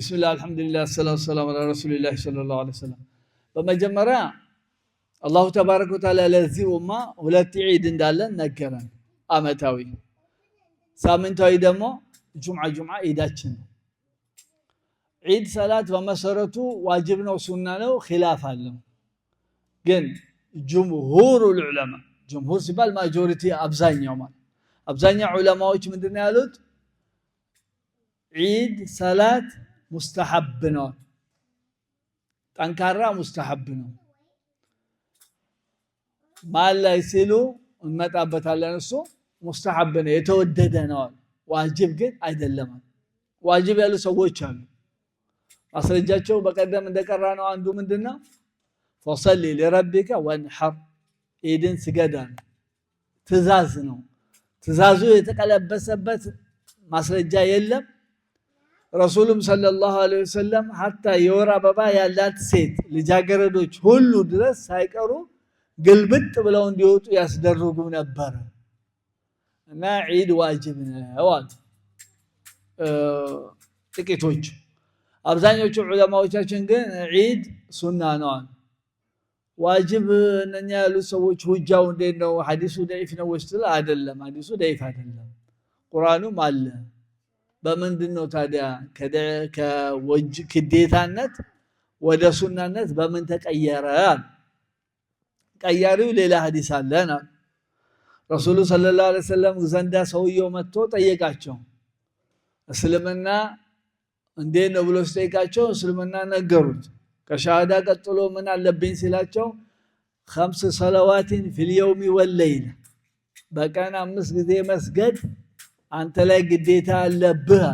بسم الله الحمد لله والصلاة والسلام على رسول الله صلى الله عليه وسلم بمجمرة الله تبارك وتعالى لذي وما ولا تعيد اندالا نكرا آمتاوي سامنتو عيدا مو جمعة جمعة عيداتنا عيد صلاة ومسارته واجبنا وسنة له خلافا له جن جمهور العلماء جمهور سبال ماجوريتي أبزاني يوما أبزاني علماء وش من دنيا عيد صلاة ሙስተሐብ ነው። ጠንካራ ሙስተሐብ ነው። መሀል ላይ ሲሉ እንመጣበታለን። እሱ ሙስተሐብ ነው፣ የተወደደ ነው። ዋጅብ ግን አይደለም። ዋጅብ ያሉ ሰዎች አሉ። ማስረጃቸው በቀደም እንደቀራ ነው። አንዱ ምንድነው ፈሰሊ ሊረቢከ ወንሐር ኢድን ስገዳ ትእዛዝ ነው። ትእዛዙ የተቀለበሰበት ማስረጃ የለም። ረሱሉም ሰለላሁ ዐለይሂ ወሰለም ሀታ የወር አበባ ያላት ሴት ልጃገረዶች ሁሉ ድረስ ሳይቀሩ ግልብጥ ብለው እንዲወጡ ያስደርጉ ነበር። እና ዒድ ዋጅብ ነው አሉ አብዛኞቹ ዑለማዎቻችን ግን ዒድ ሱና ነው ዋጅብ እነኛ ያሉት ሰዎች ሁጃው እንዴት ነው? ሐዲሱ ደዒፍ ነው ወይስ? አይደለም ሐዲሱ ደዒፍ አይደለም፣ ቁርአኑም አለ በምንድን ነው ታዲያ ከወጅ ክዴታነት ወደ ሱናነት በምን ተቀየረ? ቀያሪው ሌላ ሀዲስ አለን። ረሱሉ ሰለላሁ ዐለይሂ ወሰለም ዘንዳ ሰውየው መጥቶ ጠየቃቸው። እስልምና እንዴት ነው ብሎ ሲጠይቃቸው እስልምና ነገሩት። ከሻሃዳ ቀጥሎ ምን አለብኝ ሲላቸው ከምስ ሰለዋትን ፊልየውሚ ወለይል በቀን አምስት ጊዜ መስገድ አንተ ላይ ግዴታ አለብህ።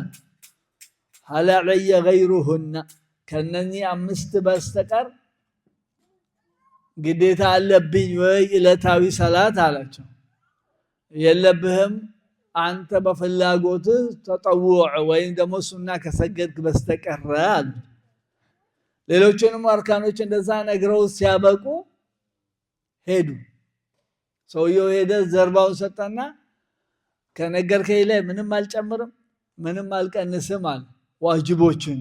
ሀላዕየ ገይሩሁና ከነኚህ አምስት በስተቀር ግዴታ አለብኝ ወይ ዕለታዊ ሰላት አላቸው። የለብህም አንተ በፍላጎት ተጠውዕ ወይም ደግሞ ሱና ከሰገድክ በስተቀር አሉ። ሌሎቹንም አርካኖች እንደዛ ነግረው ሲያበቁ ሄዱ። ሰውየው ሄደ፣ ዘርባውን ሰጠና ከነገርከኝ ላይ ምንም አልጨምርም ምንም አልቀንስም አለ። ዋጅቦችን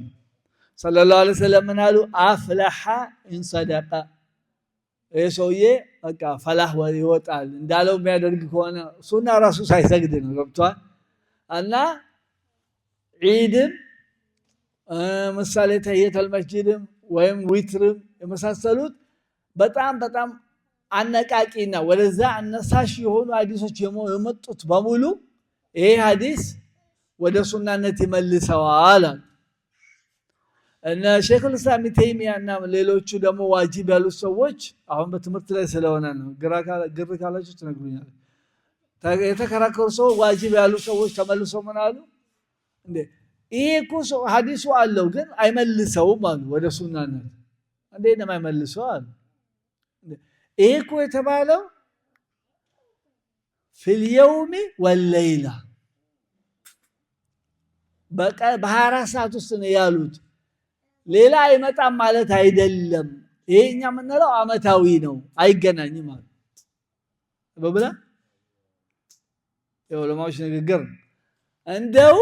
ሰለላሁ ዐለይሂ ወሰለም ምን አሉ? አፍለሐ ኢንሰደቀ ይህ ሰውዬ በቃ ፈላህ ይወጣል እንዳለው የሚያደርግ ከሆነ እሱና ራሱ ሳይሰግድ ነው። ገብቷል። እና ዒድም ምሳሌ ተህየተል መስጂድም ወይም ዊትርም የመሳሰሉት በጣም በጣም አነቃቂና ወደዛ አነሳሽ የሆኑ አዲሶች የመጡት በሙሉ ይህ ሀዲስ ወደ ሱናነት ይመልሰዋል። እነ ሼኹል ኢስላም ተይሚያ እና ሌሎቹ ደግሞ ዋጅብ ያሉት ሰዎች አሁን በትምህርት ላይ ስለሆነ ነው። ግር ካላችሁ ትነግሩኛል። የተከራከሩ ሰው ዋጅብ ያሉ ሰዎች ተመልሶ ምን አሉ ይሄ እኮ ሐዲሱ አለው ግን አይመልሰውም አሉ ወደ ሱናነት። እንዴት ነው አይመልሰው አሉ። ይሄ እኮ የተባለው ፊልየውሚ ወለይላ በሀያ አራት ሰዓት ውስጥ ነው ያሉት። ሌላ አይመጣም ማለት አይደለም። ይሄ እኛ የምንለው አመታዊ ነው፣ አይገናኝም ማለት በብላ የዑለማዎች ንግግር እንደው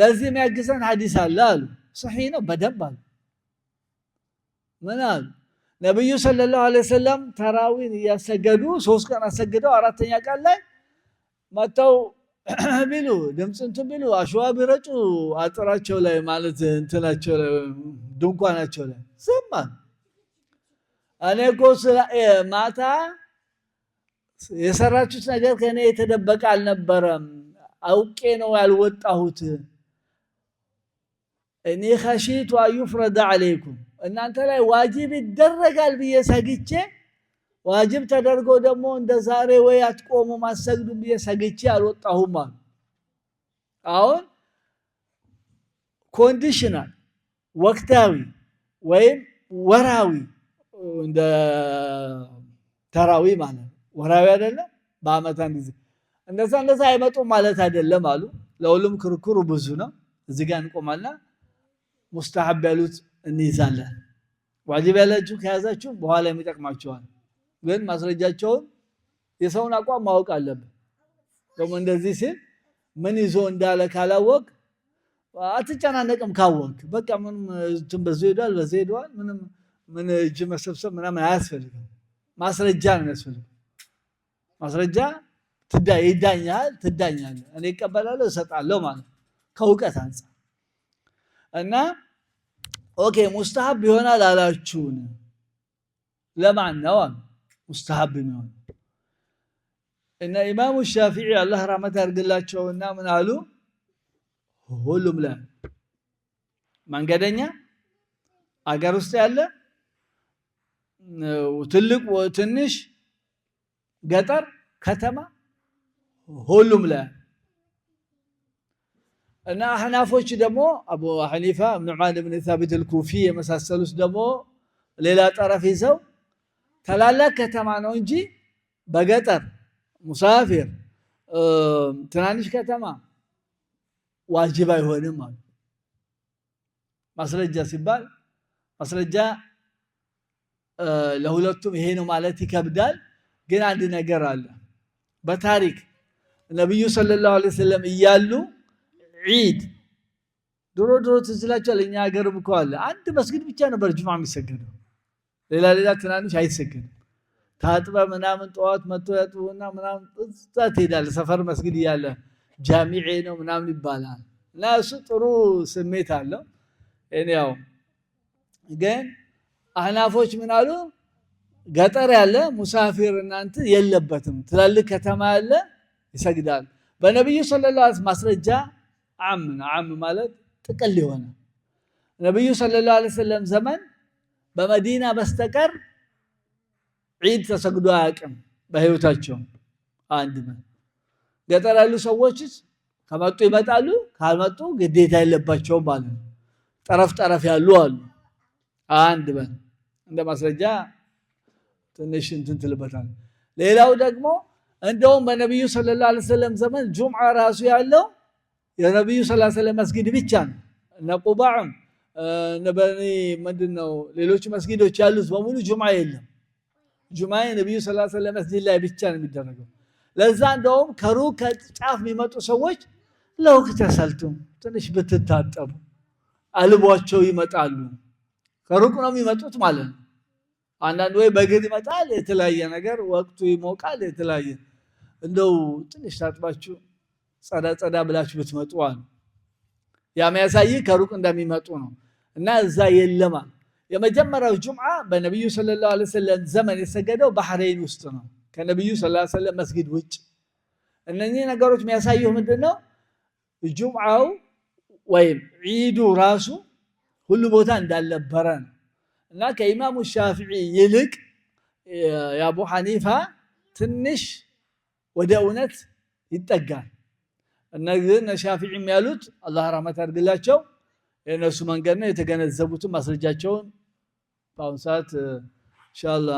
ለዚህ የሚያግዘን ሐዲስ አለ አሉ። ሰሒ ነው በደንብ አሉ። ምን አሉ? ነቢዩ ሰለላሁ ዐለይሂ ወሰለም ተራዊን እያሰገዱ ሶስት ቀን አሰግደው አራተኛ ቀን ላይ መጥተው ቢሉ ድምፅ እንትን ቢሉ አሸዋ ቢረጩ አጥራቸው ላይ ማለት እንትናቸው ላይ ድንኳናቸው ላይ ዘማ እኔ እኮ ማታ የሰራችሁት ነገር ከእኔ የተደበቀ አልነበረም፣ አውቄ ነው ያልወጣሁት። እኔ ከሺቱ አዩፍረዳ አለይኩም እናንተ ላይ ዋጅብ ይደረጋል ብዬ ሰግቼ ዋጅብ ተደርጎ ደግሞ እንደ ዛሬ ወይ አትቆሙም አሰግዱም ብዬ ሰግቼ አልወጣሁም አሉ። አሁን ኮንዲሽናል ወቅታዊ ወይም ወራዊ እንደ ተራዊ ማለት ነው። ወራዊ አይደለም በአመት አንድ ጊዜ እንደዛ እንደዛ አይመጡም ማለት አይደለም አሉ። ለሁሉም ክርክሩ ብዙ ነው። እዚህ ጋር እንቆማልና ሙስተሐብ ያሉት እንይዛለን። ዋጅብ ያላችሁ ከያዛችሁ በኋላ የሚጠቅማችኋል። ግን ማስረጃቸውን የሰውን አቋም ማወቅ አለብን። ደግሞ እንደዚህ ሲል ምን ይዞ እንዳለ ካላወቅ አትጨናነቅም። ካወቅ በቃ ምንም እንትን በዚህ ሄዷል በዚህ ሄዷል፣ ምንም ምን እጅ መሰብሰብ ምናምን አያስፈልግም። ማስረጃ ነው ያስፈልግ። ማስረጃ ይዳኛል፣ ትዳኛለህ። እኔ እቀበላለሁ እሰጣለሁ ማለት ከእውቀት አንጻር እና ኦኬ ሙስተሀብ ይሆናል አላችሁን ለማን ነው አሉ ሙስተሀብ የሚሆን እና ኢማሙ ሻፊዒ አላህ ራህመት ያድርግላቸውና ምን አሉ? ሁሉም ላይ መንገደኛ አገር ውስጥ ያለ ትልቅ ትንሽ፣ ገጠር ከተማ፣ ሁሉም ላይ እና አህናፎች ደግሞ አቡ ሐኒፋ ኑዕማን ብን ሳቢት አልኩፊ የመሳሰሉት ደግሞ ሌላ ጠረፍ ይዘው ታላላቅ ከተማ ነው እንጂ በገጠር ሙሳፊር፣ ትናንሽ ከተማ ዋጅብ አይሆንም አሉ። ማስረጃ ሲባል ማስረጃ ለሁለቱም ይሄ ነው ማለት ይከብዳል። ግን አንድ ነገር አለ። በታሪክ ነቢዩ ሰለላሁ ዐለይሂ ወሰለም እያሉ ዒድ ድሮ ድሮ ትዝላቸዋል። እኛ ሀገርም እኮ አለ። አንድ መስጊድ ብቻ ነበር ጁምዓ የሚሰገደው ሌላ ሌላ ትናንሽ አይሰገድም። ታጥበ ምናምን ጠዋት መጥቶ ያጥቡና ምናምን እዛ ትሄዳለህ። ሰፈር መስጊድ እያለ ጃሚዕ ነው ምናምን ይባላል እና እሱ ጥሩ ስሜት አለው። እኔ ያው ግን አህናፎች ምን አሉ? ገጠር ያለ ሙሳፊር እናንተ የለበትም፣ ትላልቅ ከተማ ያለ ይሰግዳል። በነቢዩ ሰለላሁ ዐለይሂ ማስረጃ ዓም ዓም ማለት ጥቅል የሆነ ነቢዩ ሰለላሁ ዐለይሂ ወሰለም ዘመን በመዲና በስተቀር ዒድ ተሰግዶ አያውቅም በህይወታቸው። አንድ ገጠር ያሉ ሰዎች ከመጡ ይመጣሉ፣ ካልመጡ ግዴታ የለባቸውም ማለት ነው። ጠረፍ ጠረፍ ያሉ አሉ። አንድ በል እንደ ማስረጃ ትንሽ እንትን ትልበታል። ሌላው ደግሞ እንደውም በነቢዩ ሰለላሁ ዐለይሂ ወሰለም ዘመን ጁምዓ ራሱ ያለው የነቢዩ ሰለላሁ ዐለይሂ ወሰለም መስጊድ ብቻ ነው እነ ቁባዕም በእኔ ምንድን ነው ሌሎች መስጊዶች ያሉት በሙሉ ጁማ የለም። ጁማ ነቢዩ ስ ስለም መስጊድ ላይ ብቻ ነው የሚደረገው። ለዛ እንደውም ከሩቅ ከጫፍ የሚመጡ ሰዎች ለውቅ ተሰልቱም ትንሽ ብትታጠቡ አልቧቸው ይመጣሉ። ከሩቅ ነው የሚመጡት ማለት ነው። አንዳንድ ወይ በእግር ይመጣል፣ የተለያየ ነገር ወቅቱ ይሞቃል፣ የተለያየ እንደው ትንሽ ታጥባችሁ ጸዳ ጸዳ ብላችሁ ብትመጡ አሉ። ያ የሚያሳይ ከሩቅ እንደሚመጡ ነው እና እዛ የለማ የመጀመሪያው ጁምዓ በነቢዩ ሰለላሁ ዐለይሂ ወሰለም ዘመን የሰገደው ባህሬን ውስጥ ነው ከነቢዩ ሰለላሁ ዐለይሂ ወሰለም መስጊድ ውጭ። እነዚህ ነገሮች የሚያሳየው ምንድን ነው? ጁምዓው ወይም ዒዱ ራሱ ሁሉ ቦታ እንዳልነበረ ነው እና ከኢማሙ ሻፊዒ ይልቅ የአቡ ሐኒፋ ትንሽ ወደ እውነት ይጠጋል። እነ ሻፊዒም ያሉት አላህ ራህመት ያድርግላቸው የእነሱ መንገድ ነው። የተገነዘቡትን ማስረጃቸውን በአሁኑ ሰዓት እንሻላ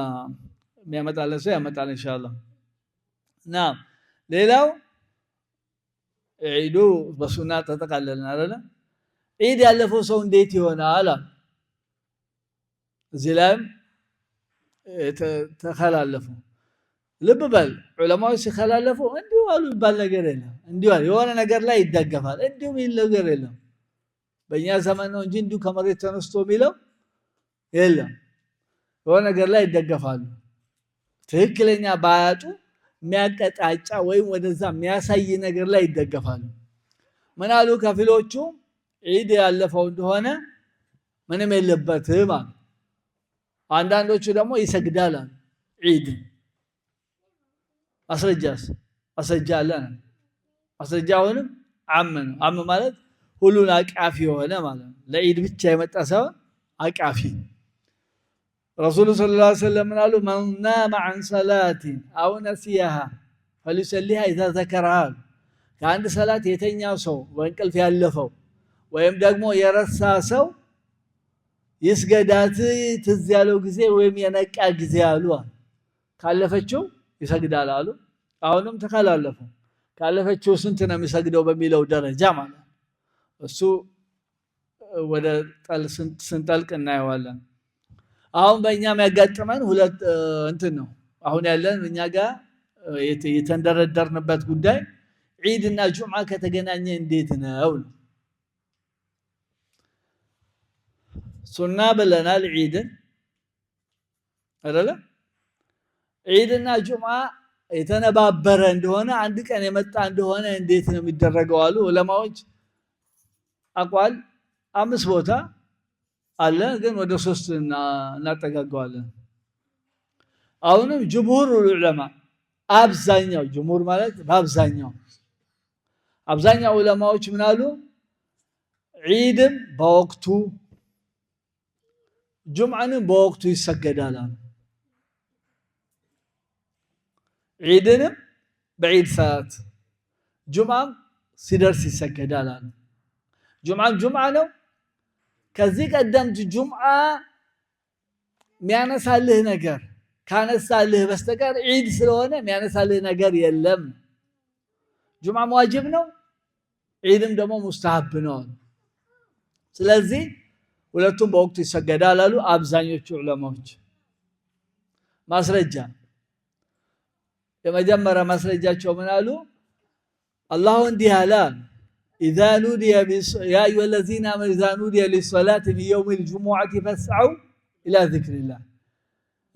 የሚያመጣለን ሰው ያመጣል እንሻላ። እና ሌላው ዒዱ በሱና ተጠቃለልን አለ። ዒድ ያለፈው ሰው እንዴት ይሆናል? እዚህ ላይም ተከላለፉ ልብ በል ዑለማዎች ሲከላለፉ እንዲሁ አሉ ይባል ነገር የለም። እንዲሁ የሆነ ነገር ላይ ይደገፋል እንዲሁ ሚል ነገር የለም። በእኛ ዘመን ነው እንጂ እንዲሁ ከመሬት ተነስቶ የሚለው የለም። የሆነ ነገር ላይ ይደገፋሉ። ትክክለኛ ባያጡ የሚያቀጣጫ ወይም ወደዛ የሚያሳይ ነገር ላይ ይደገፋሉ። ምን አሉ ከፊሎቹ ዒድ ያለፈው እንደሆነ ምንም የለበትም አሉ። አንዳንዶቹ ደግሞ ይሰግዳል አሉ ዒድን አስረጃስ አስረጃ አለ አስረጃ አሁንም አም ነው። አም ማለት ሁሉን አቃፊ የሆነ ማለት ነው። ለኢድ ብቻ የመጣ ሳይሆን አቃፊ። ረሱሉ ሰለላሁ ዐለይሂ ወሰለም ምን አሉ? መን ናመ ዐን ሰላቲን አው ነሲያሃ ፈሊሰሊሃ ኢዛ ዘከረሃ። ከአንድ ሰላት የተኛው ሰው በእንቅልፍ ያለፈው ወይም ደግሞ የረሳ ሰው ይስገዳት ትዝ ያለው ጊዜ ወይም የነቃ ጊዜ አሉ ካለፈችው ይሰግዳል አሉ። አሁንም ተካላለፉ። ካለፈችው ስንት ነው የሚሰግደው በሚለው ደረጃ ማለት እሱ ወደ ስንጠልቅ እናየዋለን። አሁን በእኛም ያጋጥመን ሁለት እንትን ነው። አሁን ያለን እኛ ጋር የተንደረደርንበት ጉዳይ ዒድ እና ጁምዓ ከተገናኘ እንዴት ነው? ሱና ብለናል ዒድን አይደለም ዒድና ጁማ የተነባበረ እንደሆነ አንድ ቀን የመጣ እንደሆነ እንዴት ነው የሚደረገው? አሉ ዑለማዎች። አቋል አምስት ቦታ አለ፣ ግን ወደ ሶስት እናጠጋገዋለን። አሁንም ጅምሁር ዑለማ አብዛኛው ጅምሁር ማለት በአብዛኛው አብዛኛው ዑለማዎች ምን አሉ? ዒድም በወቅቱ ጁምዓንም በወቅቱ ይሰገዳል አሉ ዒድንም በዒድ ሰዓት ጁምዓም ሲደርስ ይሰገዳል አሉ። ጁምዓም ጁምዓ ነው። ከዚህ ቀደም ጁምዓ የሚያነሳልህ ነገር ካነሳልህ በስተቀር ዒድ ስለሆነ የሚያነሳልህ ነገር የለም። ጁምዓም ዋጅብ ነው፣ ዒድም ደግሞ ሙስተሃብ ነው። ስለዚህ ሁለቱም በወቅቱ ይሰገዳል አሉ አብዛኞቹ ዑለማዎች ማስረጃ የመጀመሪያ ማስረጃቸው ምን አሉ? አላሁ እንዲህ አለ ኢዛ ኑዲየ ያ አዩሃ ለዚነ አመኑ ኢዛ ኑዲየ ሊሶላት ሚን የውሚል ፈስዐው ኢላ ዚክሪላህ።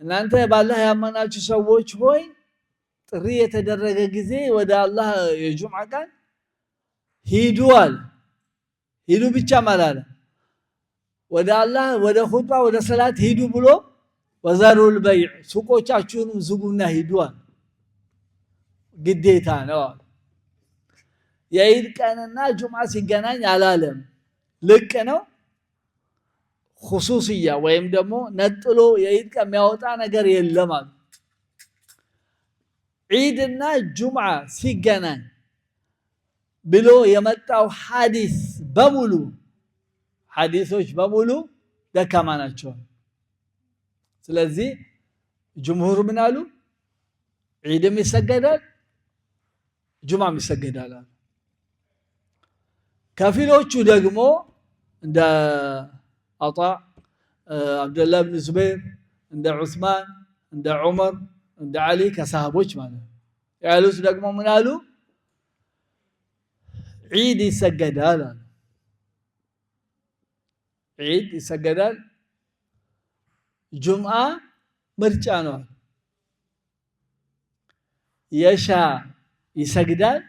እናንተ በአላህ ያመናችሁ ሰዎች ሆይ ጥሪ የተደረገ ጊዜ ወደ አላህ የጁምዓ ቀን ሂዱ አለ። ሂዱ ብቻም አላለ፣ ወደ አላህ ወደ ኹጥባ ወደ ሰላት ሂዱ ብሎ ወዘሩል በይዕ ሱቆቻችሁንም ዝጉና ሂዱ አለ። ግዴታ ነው። የኢድ ቀንና ጁማ ሲገናኝ አላለም። ልቅ ነው። ሁሱስያ ወይም ደግሞ ነጥሎ የኢድ ቀን የሚያወጣ ነገር የለም አሉ። ዒድና ጁምዓ ሲገናኝ ብሎ የመጣው ሐዲስ በሙሉ ሐዲሶች በሙሉ ደካማ ናቸው። ስለዚህ ጅምሁር ምን አሉ? ዒድም ይሰገዳል ጁማም ይሰገዳል። ከፊሎቹ ደግሞ እንደ አጣ አብደላ ብን ዙበይር እንደ ዑስማን እንደ ዑመር እንደ አሊ ከሰሃቦች ማለት ነው ያሉት ደግሞ ምን አሉ? ዒድ ይሰገዳል አሉ። ዒድ ይሰገዳል። ጁምዓ ምርጫ ነው የሻ ይሰግዳል።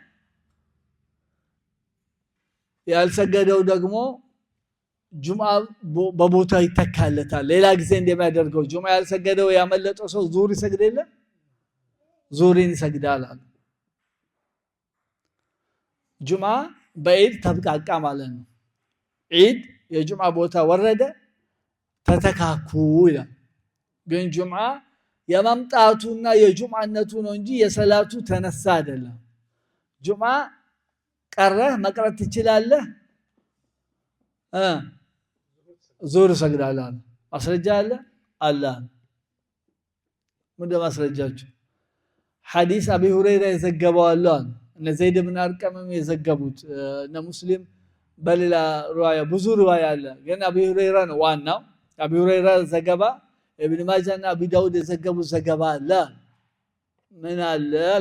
ያልሰገደው ደግሞ ጁምዓ በቦታው ይተካለታል። ሌላ ጊዜ እንደሚያደርገው ጁምዓ ያልሰገደው ያመለጠው ሰው ዙር ይሰግድ የለ ዙሪን ይሰግዳል አሉ። ጁምዓ በኢድ ተብቃቃ ማለት ነው። ኢድ የጁምዓ ቦታ ወረደ፣ ተተካኩ ይላል ግን ጁምዓ የመምጣቱና የጁምዓነቱ ነው እንጂ የሰላቱ ተነሳ አይደለም። ጁምዓ ቀረህ መቅረት ትችላለህ። ዙር እሰግዳለሁ አለ። ማስረጃ አለ አለ። ምንድን ማስረጃችሁ? ሐዲስ አቢ ሁረይራ የዘገበው አለ እነ ዘይድ ብን አርቀምም የዘገቡት እነ ሙስሊም በሌላ ሩዋያ ብዙ ሩዋያ አለ። ግን አቢ ሁረይራ ነው ዋናው። አቢ ሁረይራ ዘገባ ابن ماجه انا ابي داود يزقبوا زقبان لا من لا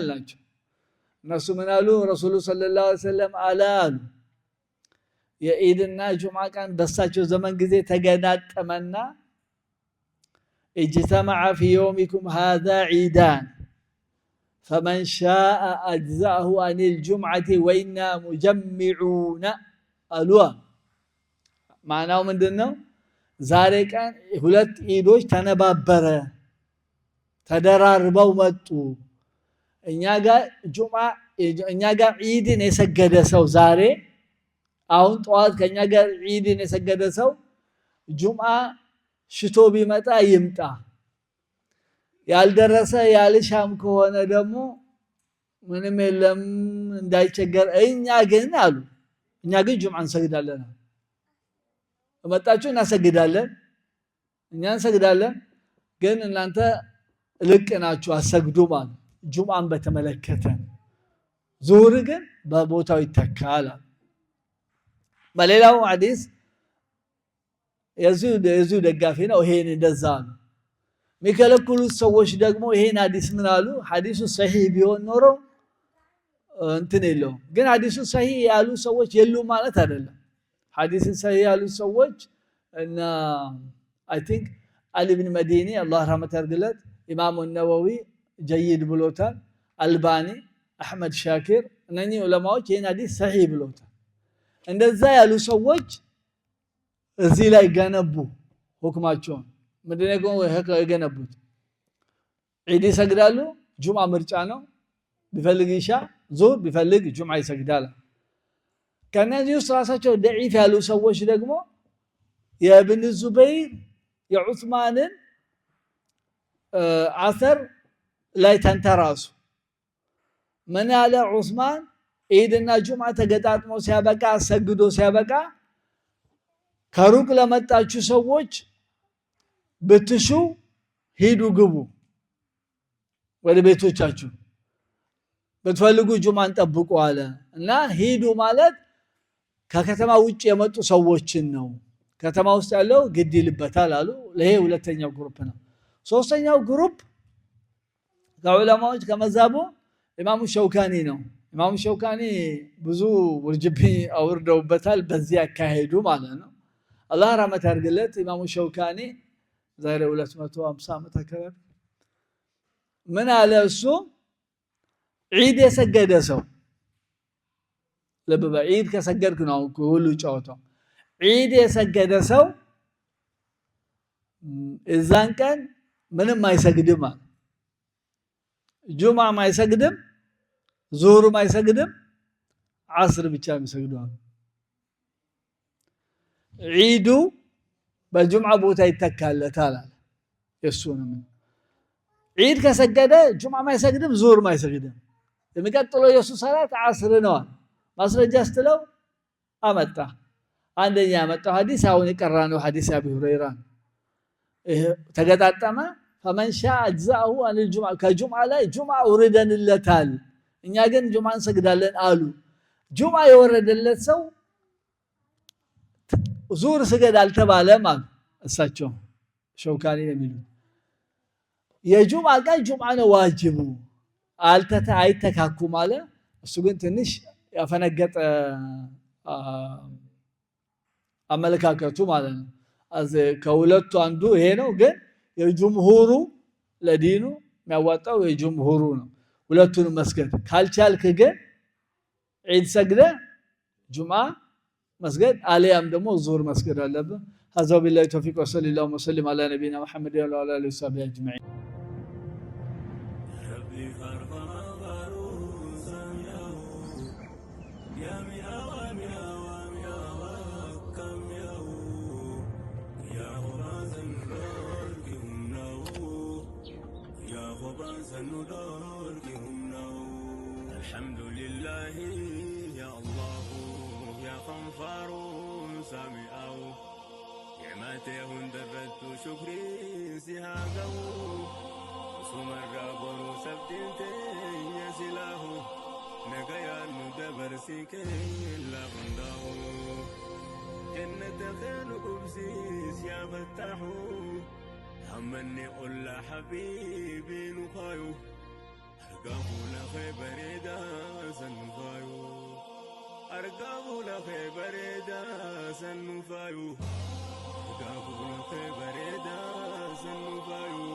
الناس من قالوا رسول الله صلى الله عليه وسلم على يا عيد الناجو كان بساتشو زمن جزي تجنات تمنى اجتمع في يومكم هذا عيدان فمن شاء أجزاه عن الجمعة وإنا مجمعون ألوان معناه من دنو ዛሬ ቀን ሁለት ኢዶች ተነባበረ፣ ተደራርበው መጡ። እኛ ጋር ጁማ እኛ ጋር ዒድን የሰገደ ሰው ዛሬ አሁን ጠዋት ከእኛ ጋር ዒድን የሰገደ ሰው ጁማ ሽቶ ቢመጣ ይምጣ። ያልደረሰ ያልሻም ከሆነ ደግሞ ምንም የለም እንዳይቸገር። እኛ ግን አሉ እኛ ግን ጁማ እንሰግዳለን። መጣችሁ እናሰግዳለን፣ እኛ እንሰግዳለን። ግን እናንተ ልቅ ናችሁ አሰግዱ ማለት ጁምአን በተመለከተ ዙሁር ግን በቦታው ይተካል። በሌላው ሐዲስ የዚሁ ደጋፊ ነው፣ ይሄን እንደዛ ነው የሚከለክሉት ሰዎች ደግሞ ይሄን ሐዲስ ምን አሉ? ሐዲሱ ሰሂህ ቢሆን ኖሮ እንትን የለውም። ግን ሐዲሱ ሰሂህ ያሉ ሰዎች የሉም ማለት አይደለም። ሐዲስን ሰሂህ ያሉት ሰዎች እና አይ ቲንክ አሊ ብን መዲኒ አላህ ረህመት ያርግለት፣ ኢማሙ ነወዊ ጀይድ ብሎታል፣ አልባኒ፣ አሕመድ ሻኪር እነኚህ ዑለማዎች ይህን ሐዲስ ሰሂህ ብሎታል። እንደዛ ያሉ ሰዎች እዚህ ላይ ገነቡ ሁክማቸውን። ምንድነው የገነቡት? ዒድ ይሰግዳሉ። ጁምዓ ምርጫ ነው። ቢፈልግ ኢሻ፣ ዙሁር ቢፈልግ ጁምዓ ይሰግዳል። ከእነዚህ ውስጥ ራሳቸው ደዒፍ ያሉ ሰዎች ደግሞ የእብን ዙበይር የዑስማንን አሰር ላይ ተንተራሱ። ምን ያለ ዑስማን ዒድና ጁምዓ ተገጣጥሞ ሲያበቃ አሰግዶ ሲያበቃ ከሩቅ ለመጣችሁ ሰዎች ብትሹ ሂዱ፣ ግቡ ወደ ቤቶቻችሁ፣ ብትፈልጉ ጁማን ጠብቁ አለ እና ሂዱ ማለት ከከተማ ውጭ የመጡ ሰዎችን ነው። ከተማ ውስጥ ያለው ግድ ይልበታል አሉ። ይሄ ሁለተኛው ግሩፕ ነው። ሶስተኛው ግሩፕ ከዑለማዎች ከመዛቡ ኢማሙ ሸውካኒ ነው። ኢማሙ ሸውካኒ ብዙ ውርጅብ አውርደውበታል በዚህ አካሄዱ ማለት ነው። አላህ ራህመት ያድርግለት። ኢማሙ ሸውካኒ ዛሬ 250 ዓመት አካባቢ ምን አለ እሱ ዒድ የሰገደ ሰው ልብ በል ዒድ ከሰገድክ ነው ሁሉ ጨዋታው። ዒድ የሰገደ ሰው እዛን ቀን ምንም አይሰግድም አለ። ጁምዓም አይሰግድም፣ ዙሁርም አይሰግድም፣ ዓስር ብቻ የሚሰግደዋል። ዒዱ በጁምዓ ቦታ ይተካለታል አለ። የሱንም ዒድ ከሰገደ ጁምዓም አይሰግድም፣ ዙሁርም አይሰግድም። የሚቀጥለው የእሱ ሰላት ዓስር ነዋል ማስረጃ ስትለው አመጣ። አንደኛ ያመጣው ሐዲስ አሁን ነው ሐዲስ አቢ ሁረይራ ተገጣጠመ። ፈመን ሻ አጅዛሁ አንል ጁምዓ ላይ ጁማ ውርደንለታል፣ እኛ ግን ጁማ እንሰግዳለን አሉ። ጁማ የወረደለት ሰው ዙር ስገድ አልተባለም አሉ እሳቸው ሸውካኒ የሚሉ የጁማ ቀን ጁማ ነው ዋጅቡ አይተካኩም አለ። እሱ ግን ትንሽ ያፈነገጠ አመለካከቱ ማለት ነው። ከሁለቱ አንዱ ይሄ ነው። ግን የጅምሁሩ ለዲኑ የሚያዋጣው የጅምሁሩ ነው። ሁለቱንም መስገድ ካልቻልክ ግን ዒድ ሰግደ ጁምዓ መስገድ አልያም ደግሞ ዙር መስገድ አለብን። ሀዛ ቢላሂ ተውፊቅ ወሰለላሁ ወሰለም አላ ነቢይና መሐመድ ወዓላ አሊሂ ወሰሕቢሂ አጅመዒን طبعا سندركهم نور الحمد لله يا الله يا غفار سامعه نعمته اندفت شكري سهاقه سمر قبر سبتين يا سلاه نقيا ندبر سكين لا غنداه جنة خير قبسيس يا فتاحو همني اني اقول لحبيبي نخايو ارقبو لخي بريدة سنخايو ارقبو لخي بريدة سنخايو ارقبو لخي بريدة سنخايو